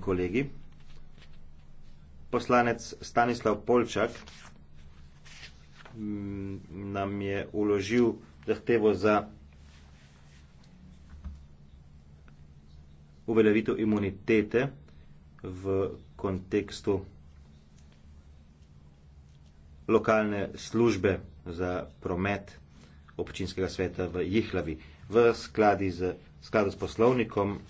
kolegi. Poslanec Stanislav Polčak mm, nam je uložil zahtevo za uveljavitev imunitete v kontekstu lokalne službe za promet občinskega sveta v Jihlavi v skladu z, skladu z poslovnikom